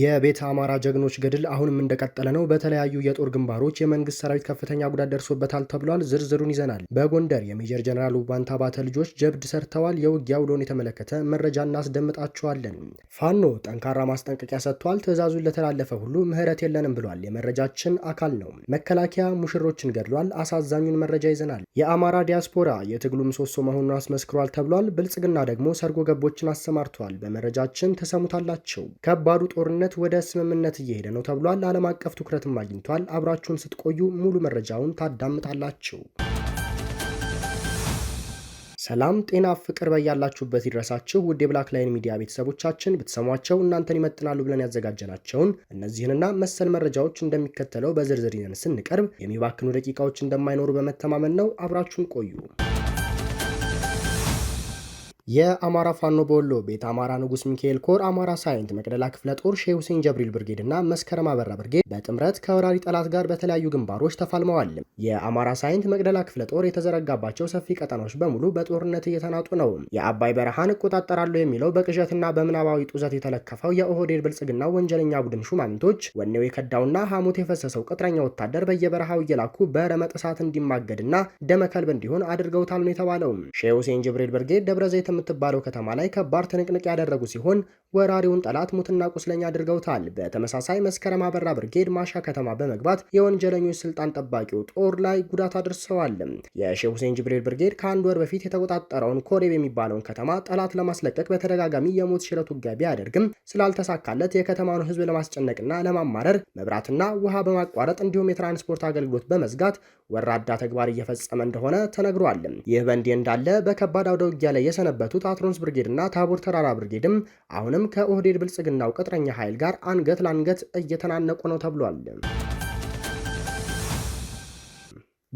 የቤተ አማራ ጀግኖች ገድል አሁንም እንደቀጠለ ነው። በተለያዩ የጦር ግንባሮች የመንግስት ሰራዊት ከፍተኛ ጉዳት ደርሶበታል ተብሏል። ዝርዝሩን ይዘናል። በጎንደር የሜጀር ጀነራል ውባንታ ባተ ልጆች ጀብድ ሰርተዋል። የውጊያ ውሎን የተመለከተ መረጃ እናስደምጣችኋለን። ፋኖ ጠንካራ ማስጠንቀቂያ ሰጥቷል። ትዕዛዙን ለተላለፈ ሁሉ ምህረት የለንም ብሏል። የመረጃችን አካል ነው። መከላከያ ሙሽሮችን ገድሏል። አሳዛኙን መረጃ ይዘናል። የአማራ ዲያስፖራ የትግሉ ምሰሶ መሆኑን አስመስክሯል ተብሏል። ብልጽግና ደግሞ ሰርጎ ገቦችን አሰማርተዋል። በመረጃችን ተሰሙታላቸው። ከባዱ ጦርነት ግንኙነት ወደ ስምምነት እየሄደ ነው ተብሏል። ዓለም አቀፍ ትኩረትም አግኝቷል። አብራችሁን ስትቆዩ ሙሉ መረጃውን ታዳምጣላችሁ። ሰላም ጤና ፍቅር በያላችሁበት ይድረሳችሁ። ውድ የብላክ ላይን ሚዲያ ቤተሰቦቻችን ብትሰሟቸው እናንተን ይመጥናሉ ብለን ያዘጋጀናቸውን እነዚህንና መሰል መረጃዎች እንደሚከተለው በዝርዝር ይዘን ስንቀርብ የሚባክኑ ደቂቃዎች እንደማይኖሩ በመተማመን ነው። አብራችሁን ቆዩ። የአማራ ፋኖ በወሎ ቤት አማራ ንጉስ ሚካኤል ኮር አማራ ሳይንት መቅደላ ክፍለ ጦር ሼህ ሁሴን ጀብሪል ብርጌድ እና መስከረም አበራ ብርጌድ በጥምረት ከወራሪ ጠላት ጋር በተለያዩ ግንባሮች ተፋልመዋል። የአማራ ሳይንት መቅደላ ክፍለ ጦር የተዘረጋባቸው ሰፊ ቀጠናዎች በሙሉ በጦርነት እየተናጡ ነው። የአባይ በረሃን እቆጣጠራለሁ የሚለው በቅዠትና በምናባዊ ጡዘት የተለከፈው የኦህዴድ ብልጽግና ወንጀለኛ ቡድን ሹማምንቶች ወኔው የከዳውና ሐሞት የፈሰሰው ቅጥረኛ ወታደር በየበረሃው እየላኩ በረመጥ እሳት እንዲማገድና ደመከልብ እንዲሆን አድርገውታል ነው የተባለው። ሼህ ሁሴን ጀብሪል ብርጌድ ደብረ ከምትባለው ከተማ ላይ ከባድ ትንቅንቅ ያደረጉ ሲሆን ወራሪውን ጠላት ሙትና ቁስለኛ አድርገውታል። በተመሳሳይ መስከረም አበራ ብርጌድ ማሻ ከተማ በመግባት የወንጀለኞች ስልጣን ጠባቂው ጦር ላይ ጉዳት አድርሰዋል። የሼህ ሁሴን ጅብሪል ብርጌድ ከአንድ ወር በፊት የተቆጣጠረውን ኮሬብ የሚባለውን ከተማ ጠላት ለማስለቀቅ በተደጋጋሚ የሞት ሽረት ውጊያ ቢያደርግም ስላልተሳካለት የከተማውን ህዝብ ለማስጨነቅና ለማማረር መብራትና ውሃ በማቋረጥ እንዲሁም የትራንስፖርት አገልግሎት በመዝጋት ወራዳ ተግባር እየፈጸመ እንደሆነ ተነግሯል። ይህ በእንዲህ እንዳለ በከባድ አውደ ውጊያ ላይ የሰነበ የሰነበቱት አትሮንስ ብርጌድና ታቦር ተራራ ብርጌድም አሁንም ከኦህዴድ ብልጽግናው ቅጥረኛ ኃይል ጋር አንገት ለአንገት እየተናነቁ ነው ተብሏል።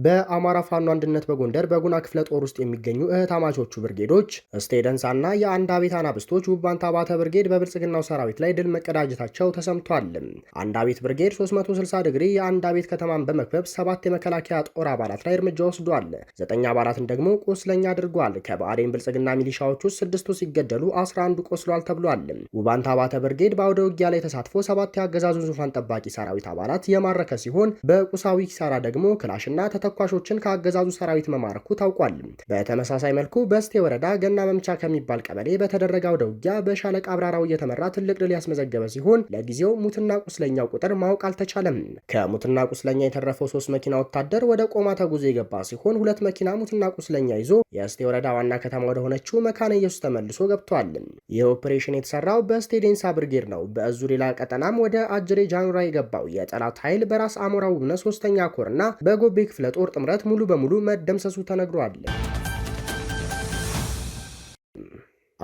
በአማራ ፋኖ አንድነት በጎንደር በጉና ክፍለ ጦር ውስጥ የሚገኙ እህታማቾቹ ብርጌዶች እስቴደንሳና የአንድ አቤት አናብስቶች ውባንታ ባተ ብርጌድ በብልጽግናው ሰራዊት ላይ ድል መቀዳጀታቸው ተሰምቷል። አንድ አቤት ብርጌድ 360 ዲግሪ የአንድ አቤት ከተማን በመክበብ ሰባት የመከላከያ ጦር አባላት ላይ እርምጃ ወስዷል። ዘጠኝ አባላትን ደግሞ ቁስለኛ አድርጓል። ከብአዴን ብልጽግና ሚሊሻዎች ውስጥ ስድስቱ ሲገደሉ 11 ቆስሏል ተብሏል። ውባንታ ባተ ብርጌድ በአውደ ውጊያ ላይ ተሳትፎ ሰባት የአገዛዙን ዙፋን ጠባቂ ሰራዊት አባላት የማረከ ሲሆን በቁሳዊ ኪሳራ ደግሞ ክላሽና ተኳሾችን ከአገዛዙ ሰራዊት መማረኩ ታውቋል። በተመሳሳይ መልኩ በስቴ ወረዳ ገና መምቻ ከሚባል ቀበሌ በተደረገ አውደ ውጊያ በሻለቃ አብራራው እየተመራ ትልቅ ድል ያስመዘገበ ሲሆን ለጊዜው ሙትና ቁስለኛው ቁጥር ማወቅ አልተቻለም። ከሙትና ቁስለኛ የተረፈው ሶስት መኪና ወታደር ወደ ቆማ ተጉዞ የገባ ሲሆን ሁለት መኪና ሙትና ቁስለኛ ይዞ የስቴ ወረዳ ዋና ከተማ ወደሆነችው መካነ ኢየሱስ ተመልሶ ገብቷል። ይህ ኦፕሬሽን የተሰራው በስቴ ዴንሳ ብርጌድ ነው። በእዙ ሌላ ቀጠናም ወደ አጅሬ ጃኑራ የገባው የጠላት ኃይል በራስ አሞራ ውብነ ሶስተኛ ኮርና በጎቤ ክፍለ የጦር ጥምረት ሙሉ በሙሉ መደምሰሱ ተነግሯል።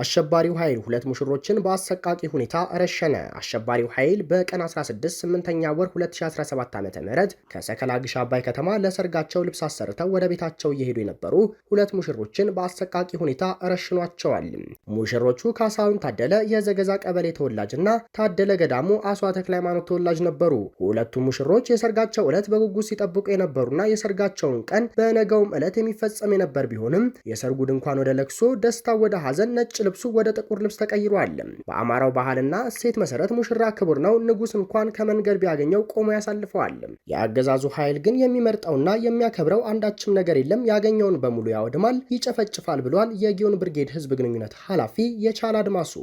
አሸባሪው ኃይል ሁለት ሙሽሮችን በአሰቃቂ ሁኔታ ረሸነ። አሸባሪው ኃይል በቀን 16 8 ወር 2017 ዓ ም ከሰከላ ግሽ አባይ ከተማ ለሰርጋቸው ልብስ አሰርተው ወደ ቤታቸው እየሄዱ የነበሩ ሁለት ሙሽሮችን በአሰቃቂ ሁኔታ ረሽኗቸዋል። ሙሽሮቹ ካሳሁን ታደለ የዘገዛ ቀበሌ ተወላጅና ታደለ ገዳሙ አሷ ተክለ ሃይማኖት ተወላጅ ነበሩ። ሁለቱ ሙሽሮች የሰርጋቸው ዕለት በጉጉት ሲጠብቁ የነበሩና የሰርጋቸውን ቀን በነገውም ዕለት የሚፈጸም የነበር ቢሆንም የሰርጉ ድንኳን ወደ ለቅሶ፣ ደስታ ወደ ሐዘን ነጭ ልብሱ ወደ ጥቁር ልብስ ተቀይሯል። በአማራው ባህልና እሴት መሰረት ሙሽራ ክቡር ነው፣ ንጉስ እንኳን ከመንገድ ቢያገኘው ቆሞ ያሳልፈዋል። የአገዛዙ ኃይል ግን የሚመርጠውና የሚያከብረው አንዳችም ነገር የለም፣ ያገኘውን በሙሉ ያወድማል፣ ይጨፈጭፋል ብሏል የጊዮን ብርጌድ ህዝብ ግንኙነት ኃላፊ የቻል አድማሱ።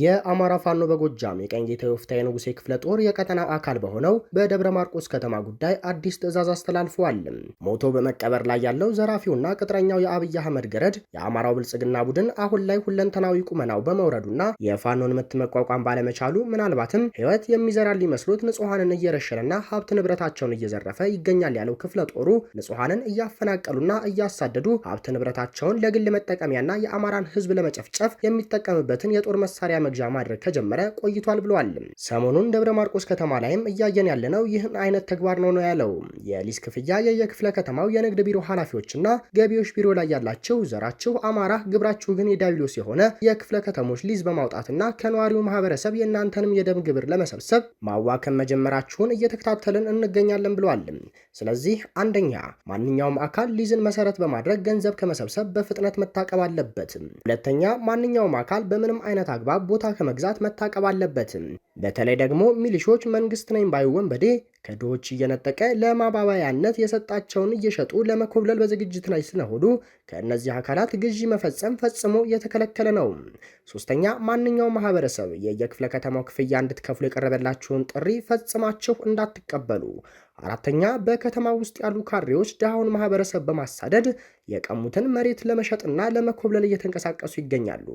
የአማራ ፋኖ በጎጃም የቀኝ ጌታ ወፍታ የንጉሴ ክፍለ ጦር የቀጠና አካል በሆነው በደብረ ማርቆስ ከተማ ጉዳይ አዲስ ትዕዛዝ አስተላልፈዋል። ሞቶ በመቀበር ላይ ያለው ዘራፊውና ቅጥረኛው የአብይ አህመድ ገረድ የአማራው ብልጽግና ቡድን አሁን ላይ ሁለንተናዊ ቁመናው በመውረዱና የፋኖን ምት መቋቋም ባለመቻሉ ምናልባትም ሕይወት የሚዘራ ሊመስሉት ንጹሐንን እየረሸነና ሀብት ንብረታቸውን እየዘረፈ ይገኛል ያለው ክፍለ ጦሩ ንጹሐንን እያፈናቀሉና እያሳደዱ ሀብት ንብረታቸውን ለግል መጠቀሚያና የአማራን ሕዝብ ለመጨፍጨፍ የሚጠቀምበትን የጦር መሳሪያ መግዣ ማድረግ ከጀመረ ቆይቷል ብለዋል። ሰሞኑን ደብረ ማርቆስ ከተማ ላይም እያየን ያለነው ይህን አይነት ተግባር ነው ነው ያለው። የሊዝ ክፍያ የየክፍለ ከተማው የንግድ ቢሮ ኃላፊዎችና ገቢዎች ቢሮ ላይ ያላችሁ ዘራችሁ አማራ፣ ግብራችሁ ግን የዳቢሎስ የሆነ የክፍለ ከተሞች ሊዝ በማውጣትና ከነዋሪው ማህበረሰብ የእናንተንም የደም ግብር ለመሰብሰብ ማዋከም መጀመራችሁን እየተከታተልን እንገኛለን ብለዋል። ስለዚህ አንደኛ ማንኛውም አካል ሊዝን መሰረት በማድረግ ገንዘብ ከመሰብሰብ በፍጥነት መታቀብ አለበት። ሁለተኛ ማንኛውም አካል በምንም አይነት አግባብ ቦታ ከመግዛት መታቀብ አለበትም። በተለይ ደግሞ ሚሊሾች መንግስት ነኝ ባዩ ወንበዴ ከድሆች እየነጠቀ ለማባባያነት የሰጣቸውን እየሸጡ ለመኮብለል በዝግጅት ላይ ስለሆኑ ከእነዚህ አካላት ግዢ መፈጸም ፈጽሞ እየተከለከለ ነው። ሶስተኛ ማንኛውም ማህበረሰብ የየክፍለ ከተማው ክፍያ እንድትከፍሉ የቀረበላችሁን ጥሪ ፈጽማችሁ እንዳትቀበሉ። አራተኛ በከተማ ውስጥ ያሉ ካሬዎች ድሃውን ማህበረሰብ በማሳደድ የቀሙትን መሬት ለመሸጥና ለመኮብለል እየተንቀሳቀሱ ይገኛሉ።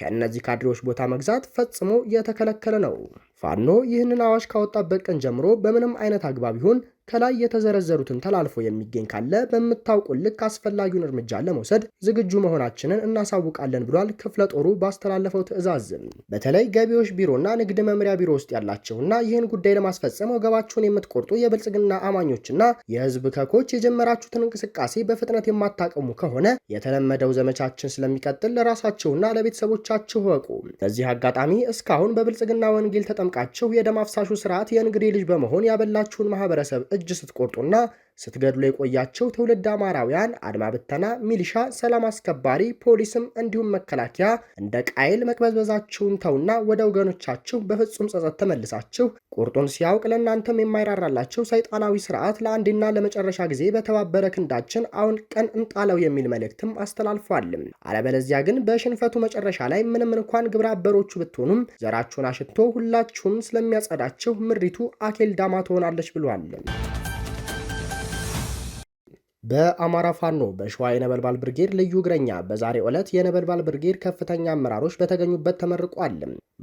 ከእነዚህ ካድሬዎች ቦታ መግዛት ፈጽሞ የተከለከለ ነው። ፋኖ ይህንን አዋጅ ካወጣበት ቀን ጀምሮ በምንም አይነት አግባብ ይሁን ከላይ የተዘረዘሩትን ተላልፎ የሚገኝ ካለ በምታውቁ ልክ አስፈላጊውን እርምጃ ለመውሰድ ዝግጁ መሆናችንን እናሳውቃለን ብሏል። ክፍለ ጦሩ ባስተላለፈው ትዕዛዝ በተለይ ገቢዎች ቢሮና ንግድ መምሪያ ቢሮ ውስጥ ያላቸውና ይህን ጉዳይ ለማስፈጸም ወገባችሁን የምትቆርጡ የብልጽግና አማኞችና የህዝብ ከኮች የጀመራችሁትን እንቅስቃሴ በፍጥነት የማታ የሚጠቅሙ ከሆነ የተለመደው ዘመቻችን ስለሚቀጥል ለራሳችሁና ለቤተሰቦቻችሁ ወቁ። በዚህ አጋጣሚ እስካሁን በብልጽግና ወንጌል ተጠምቃችሁ የደም አፍሳሹ ስርዓት የእንግዲህ ልጅ በመሆን ያበላችሁን ማህበረሰብ እጅ ስትቆርጡና ስትገድሉ የቆያቸው ትውልድ አማራውያን አድማ ብተና፣ ሚሊሻ፣ ሰላም አስከባሪ ፖሊስም እንዲሁም መከላከያ እንደ ቃይል መቅበዝበዛችሁን ተውና ወደ ወገኖቻችሁ በፍጹም ጸጸት ተመልሳችሁ ቁርጡን ሲያውቅ ለእናንተም የማይራራላቸው ሰይጣናዊ ስርዓት ለአንድና ለመጨረሻ ጊዜ በተባበረ ክንዳችን አሁን ቀን እንጣለው የሚል መልእክትም አስተላልፏል። አለበለዚያ ግን በሽንፈቱ መጨረሻ ላይ ምንም እንኳን ግብረ አበሮቹ ብትሆኑም ዘራችሁን አሽቶ ሁላችሁም ስለሚያጸዳችሁ ምድሪቱ አኬልዳማ ትሆናለች ብሏል። በአማራ ፋኖ በሸዋ የነበልባል ብርጌድ ልዩ እግረኛ በዛሬ ዕለት የነበልባል ብርጌድ ከፍተኛ አመራሮች በተገኙበት ተመርቋል።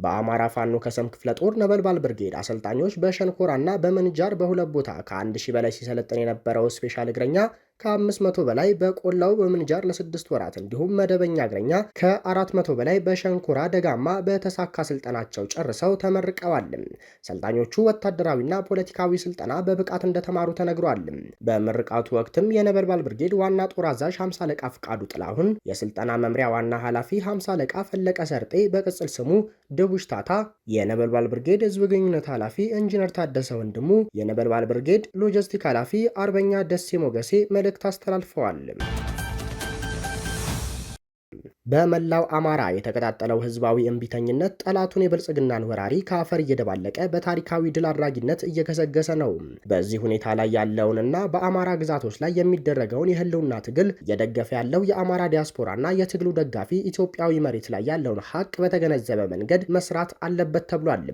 በአማራ ፋኖ ከሰም ክፍለ ጦር ነበልባል ብርጌድ አሰልጣኞች በሸንኮራና በምንጃር በሁለት ቦታ ከአንድ ሺህ በላይ ሲሰለጥን የነበረው ስፔሻል እግረኛ ከ500 በላይ በቆላው በምንጃር ለስድስት ወራት እንዲሁም መደበኛ እግረኛ ከ400 በላይ በሸንኮራ ደጋማ በተሳካ ስልጠናቸው ጨርሰው ተመርቀዋል። ሰልጣኞቹ ወታደራዊና ፖለቲካዊ ስልጠና በብቃት እንደተማሩ ተነግሯል። በምርቃቱ ወቅትም የነበልባል ብርጌድ ዋና ጦር አዛዥ 50 አለቃ ፍቃዱ ጥላሁን፣ የስልጠና መምሪያ ዋና ኃላፊ 50 አለቃ ፈለቀ ሰርጤ በቅጽል ስሙ ድቡሽ ታታ፣ የነበልባል ብርጌድ ህዝብ ግንኙነት ኃላፊ ኢንጂነር ታደሰ ወንድሙ፣ የነበልባል ብርጌድ ሎጂስቲክ ኃላፊ አርበኛ ደሴ ሞገሴ መለ መልእክት አስተላልፈዋል። በመላው አማራ የተቀጣጠለው ህዝባዊ እምቢተኝነት ጠላቱን የብልጽግናን ወራሪ ከአፈር እየደባለቀ በታሪካዊ ድል አድራጊነት እየገሰገሰ ነው። በዚህ ሁኔታ ላይ ያለውንና በአማራ ግዛቶች ላይ የሚደረገውን የህልውና ትግል እየደገፈ ያለው የአማራ ዲያስፖራና የትግሉ ደጋፊ ኢትዮጵያዊ መሬት ላይ ያለውን ሀቅ በተገነዘበ መንገድ መስራት አለበት ተብሏል።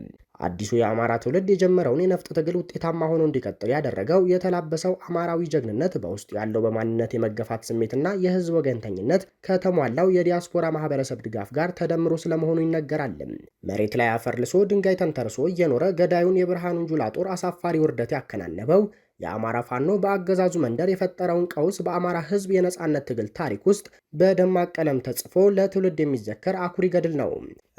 አዲሱ የአማራ ትውልድ የጀመረውን የነፍጥ ትግል ውጤታማ ሆኖ እንዲቀጥል ያደረገው የተላበሰው አማራዊ ጀግንነት በውስጡ ያለው በማንነት የመገፋት ስሜትና የህዝብ ወገንተኝነት ከተሟላው የዲያስፖራ ማህበረሰብ ድጋፍ ጋር ተደምሮ ስለመሆኑ ይነገራል። መሬት ላይ አፈር ልሶ ድንጋይ ተንተርሶ እየኖረ ገዳዩን የብርሃኑን ጁላ ጦር አሳፋሪ ውርደት ያከናነበው የአማራ ፋኖ በአገዛዙ መንደር የፈጠረውን ቀውስ በአማራ ሕዝብ የነጻነት ትግል ታሪክ ውስጥ በደማቅ ቀለም ተጽፎ ለትውልድ የሚዘከር አኩሪ ገድል ነው።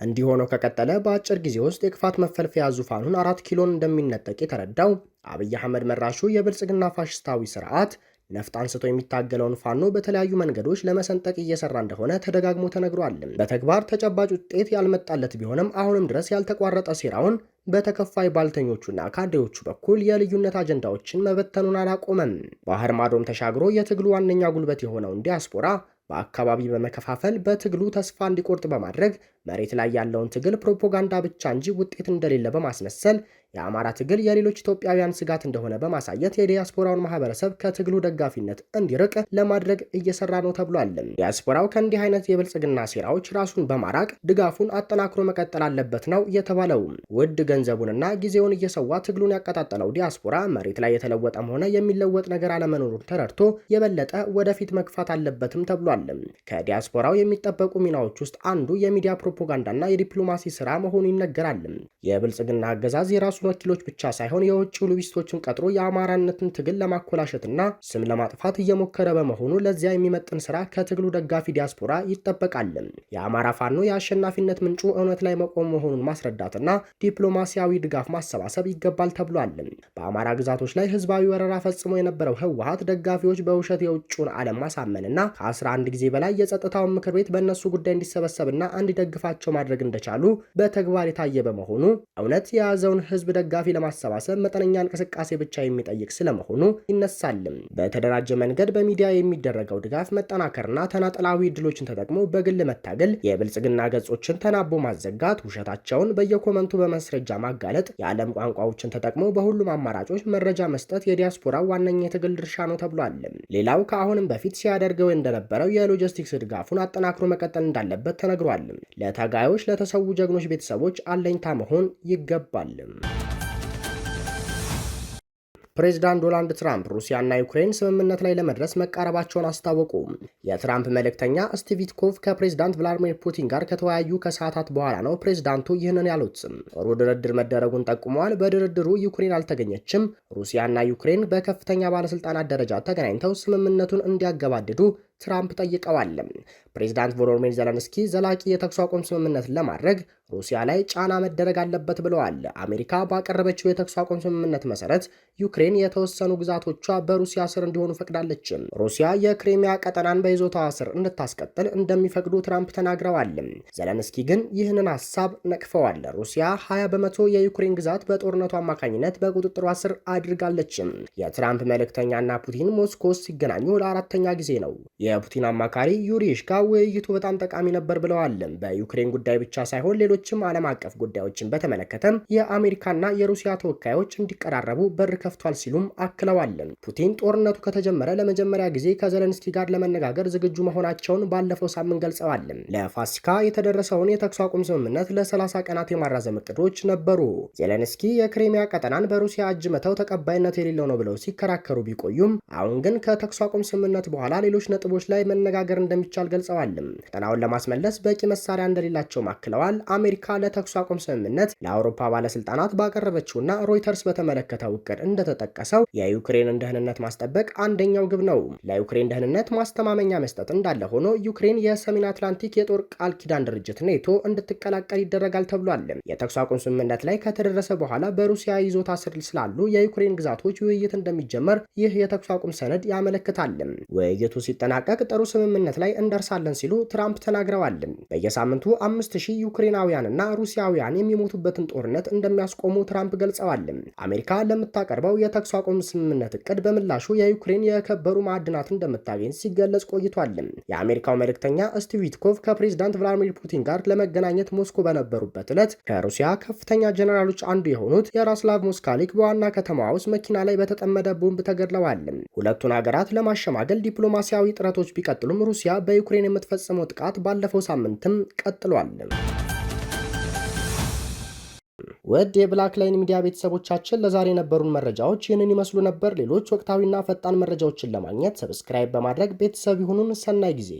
እንዲህ ሆኖ ከቀጠለ በአጭር ጊዜ ውስጥ የክፋት መፈልፈያ ዙፋኑን አራት ኪሎን እንደሚነጠቅ የተረዳው አብይ አህመድ መራሹ የብልጽግና ፋሽስታዊ ስርዓት ነፍጥ አንስቶ የሚታገለውን ፋኖ በተለያዩ መንገዶች ለመሰንጠቅ እየሰራ እንደሆነ ተደጋግሞ ተነግሯል። በተግባር ተጨባጭ ውጤት ያልመጣለት ቢሆንም አሁንም ድረስ ያልተቋረጠ ሴራውን በተከፋይ ባልተኞቹና ካድሬዎቹ በኩል የልዩነት አጀንዳዎችን መበተኑን አላቆመም። ባህር ማዶም ተሻግሮ የትግሉ ዋነኛ ጉልበት የሆነውን ዲያስፖራ በአካባቢ በመከፋፈል በትግሉ ተስፋ እንዲቆርጥ በማድረግ መሬት ላይ ያለውን ትግል ፕሮፓጋንዳ ብቻ እንጂ ውጤት እንደሌለ በማስመሰል የአማራ ትግል የሌሎች ኢትዮጵያውያን ስጋት እንደሆነ በማሳየት የዲያስፖራውን ማህበረሰብ ከትግሉ ደጋፊነት እንዲርቅ ለማድረግ እየሰራ ነው ተብሏል። ዲያስፖራው ከእንዲህ አይነት የብልጽግና ሴራዎች ራሱን በማራቅ ድጋፉን አጠናክሮ መቀጠል አለበት ነው የተባለው። ውድ ገንዘቡንና ጊዜውን እየሰዋ ትግሉን ያቀጣጠለው ዲያስፖራ መሬት ላይ የተለወጠም ሆነ የሚለወጥ ነገር አለመኖሩን ተረድቶ የበለጠ ወደፊት መግፋት አለበትም ተብሏል። ከዲያስፖራው የሚጠበቁ ሚናዎች ውስጥ አንዱ የሚዲያ የፕሮፓጋንዳና የዲፕሎማሲ ስራ መሆኑ ይነገራል። የብልጽግና አገዛዝ የራሱን ወኪሎች ብቻ ሳይሆን የውጭ ሎቢስቶችን ቀጥሮ የአማራነትን ትግል ለማኮላሸትና ስም ለማጥፋት እየሞከረ በመሆኑ ለዚያ የሚመጥን ስራ ከትግሉ ደጋፊ ዲያስፖራ ይጠበቃል። የአማራ ፋኖ የአሸናፊነት ምንጩ እውነት ላይ መቆም መሆኑን ማስረዳትና ዲፕሎማሲያዊ ድጋፍ ማሰባሰብ ይገባል ተብሏል። በአማራ ግዛቶች ላይ ህዝባዊ ወረራ ፈጽሞ የነበረው ህወሀት ደጋፊዎች በውሸት የውጭውን ዓለም ማሳመንና ከ11 ጊዜ በላይ የጸጥታውን ምክር ቤት በእነሱ ጉዳይ እንዲሰበሰብና እንዲደግፍ ድጋፋቸው ማድረግ እንደቻሉ በተግባር የታየ በመሆኑ እውነት የያዘውን ህዝብ ደጋፊ ለማሰባሰብ መጠነኛ እንቅስቃሴ ብቻ የሚጠይቅ ስለመሆኑ ይነሳልም። በተደራጀ መንገድ በሚዲያ የሚደረገው ድጋፍ መጠናከርና ተናጠላዊ ድሎችን ተጠቅሞ በግል መታገል፣ የብልጽግና ገጾችን ተናቦ ማዘጋት፣ ውሸታቸውን በየኮመንቱ በማስረጃ ማጋለጥ፣ የዓለም ቋንቋዎችን ተጠቅሞ በሁሉም አማራጮች መረጃ መስጠት የዲያስፖራ ዋነኛ የትግል ድርሻ ነው ተብሏል። ሌላው ከአሁንም በፊት ሲያደርገው እንደነበረው የሎጂስቲክስ ድጋፉን አጠናክሮ መቀጠል እንዳለበት ተነግሯል። ለታጋዮች ለተሰዉ ጀግኖች ቤተሰቦች አለኝታ መሆን ይገባልም። ፕሬዚዳንት ዶናልድ ትራምፕ ሩሲያና ዩክሬን ስምምነት ላይ ለመድረስ መቃረባቸውን አስታወቁ። የትራምፕ መልእክተኛ ስቲቪትኮቭ ከፕሬዚዳንት ቭላዲሚር ፑቲን ጋር ከተወያዩ ከሰዓታት በኋላ ነው ፕሬዚዳንቱ ይህንን ያሉት። ጥሩ ድርድር መደረጉን ጠቁመዋል። በድርድሩ ዩክሬን አልተገኘችም። ሩሲያና ዩክሬን በከፍተኛ ባለስልጣናት ደረጃ ተገናኝተው ስምምነቱን እንዲያገባድዱ ትራምፕ ጠይቀዋል። ፕሬዚዳንት ቮሎዲሚር ዘለንስኪ ዘላቂ የተኩስ አቁም ስምምነት ለማድረግ ሩሲያ ላይ ጫና መደረግ አለበት ብለዋል። አሜሪካ ባቀረበችው የተኩስ አቁም ስምምነት መሰረት ዩክሬን የተወሰኑ ግዛቶቿ በሩሲያ ስር እንዲሆኑ ፈቅዳለች። ሩሲያ የክሪሚያ ቀጠናን በይዞታዋ ስር እንድታስቀጥል እንደሚፈቅዱ ትራምፕ ተናግረዋል። ዘለንስኪ ግን ይህንን ሀሳብ ነቅፈዋል። ሩሲያ 20 በመቶ የዩክሬን ግዛት በጦርነቱ አማካኝነት በቁጥጥሯ ስር አድርጋለች። የትራምፕ መልእክተኛና ፑቲን ሞስኮ ሲገናኙ ለአራተኛ ጊዜ ነው። የፑቲን አማካሪ ዩሪ ውይይቱ በጣም ጠቃሚ ነበር ብለዋል። በዩክሬን ጉዳይ ብቻ ሳይሆን ሌሎችም ዓለም አቀፍ ጉዳዮችን በተመለከተም የአሜሪካና የሩሲያ ተወካዮች እንዲቀራረቡ በር ከፍቷል ሲሉም አክለዋል። ፑቲን ጦርነቱ ከተጀመረ ለመጀመሪያ ጊዜ ከዘለንስኪ ጋር ለመነጋገር ዝግጁ መሆናቸውን ባለፈው ሳምንት ገልጸዋል። ለፋሲካ የተደረሰውን የተኩስ አቁም ስምምነት ለ30 ቀናት የማራዘም እቅዶች ነበሩ። ዜሌንስኪ የክሪሚያ ቀጠናን በሩሲያ እጅ መተው ተቀባይነት የሌለው ነው ብለው ሲከራከሩ ቢቆዩም አሁን ግን ከተኩስ አቁም ስምምነት በኋላ ሌሎች ነጥቦ ነጥቦች ላይ መነጋገር እንደሚቻል ገልጸዋል። ፈተናውን ለማስመለስ በቂ መሳሪያ እንደሌላቸውም አክለዋል። አሜሪካ ለተኩስ አቁም ስምምነት ለአውሮፓ ባለስልጣናት ባቀረበችውና ሮይተርስ በተመለከተው እቅድ እንደተጠቀሰው የዩክሬንን ደህንነት ማስጠበቅ አንደኛው ግብ ነው። ለዩክሬን ደህንነት ማስተማመኛ መስጠት እንዳለ ሆኖ ዩክሬን የሰሜን አትላንቲክ የጦር ቃል ኪዳን ድርጅት ኔቶ እንድትቀላቀል ይደረጋል ተብሏል። የተኩስ አቁም ስምምነት ላይ ከተደረሰ በኋላ በሩሲያ ይዞታ ስር ስላሉ የዩክሬን ግዛቶች ውይይት እንደሚጀመር ይህ የተኩስ አቁም ሰነድ ያመለክታል። ውይይቱ ሲጠናቀ ለማጠናቀቅ ጥሩ ስምምነት ላይ እንደርሳለን ሲሉ ትራምፕ ተናግረዋል። በየሳምንቱ አምስት ሺህ ዩክሬናውያንና ሩሲያውያን የሚሞቱበትን ጦርነት እንደሚያስቆሙ ትራምፕ ገልጸዋል። አሜሪካ ለምታቀርበው የተኩስ አቁም ስምምነት እቅድ በምላሹ የዩክሬን የከበሩ ማዕድናት እንደምታገኝ ሲገለጽ ቆይቷል። የአሜሪካው መልእክተኛ ስቲቪትኮቭ ከፕሬዝዳንት ቭላዲሚር ፑቲን ጋር ለመገናኘት ሞስኮ በነበሩበት ዕለት ከሩሲያ ከፍተኛ ጀኔራሎች አንዱ የሆኑት የራስላቭ ሞስካሊክ በዋና ከተማዋ ውስጥ መኪና ላይ በተጠመደ ቦምብ ተገድለዋል። ሁለቱን ሀገራት ለማሸማገል ዲፕሎማሲያዊ ጥረት ጥቃቶች ቢቀጥሉም ሩሲያ በዩክሬን የምትፈጽመው ጥቃት ባለፈው ሳምንትም ቀጥሏል። ውድ የብላክ ላይን ሚዲያ ቤተሰቦቻችን ለዛሬ የነበሩን መረጃዎች ይህንን ይመስሉ ነበር። ሌሎች ወቅታዊና ፈጣን መረጃዎችን ለማግኘት ሰብስክራይብ በማድረግ ቤተሰብ ይሁኑን። ሰናይ ጊዜ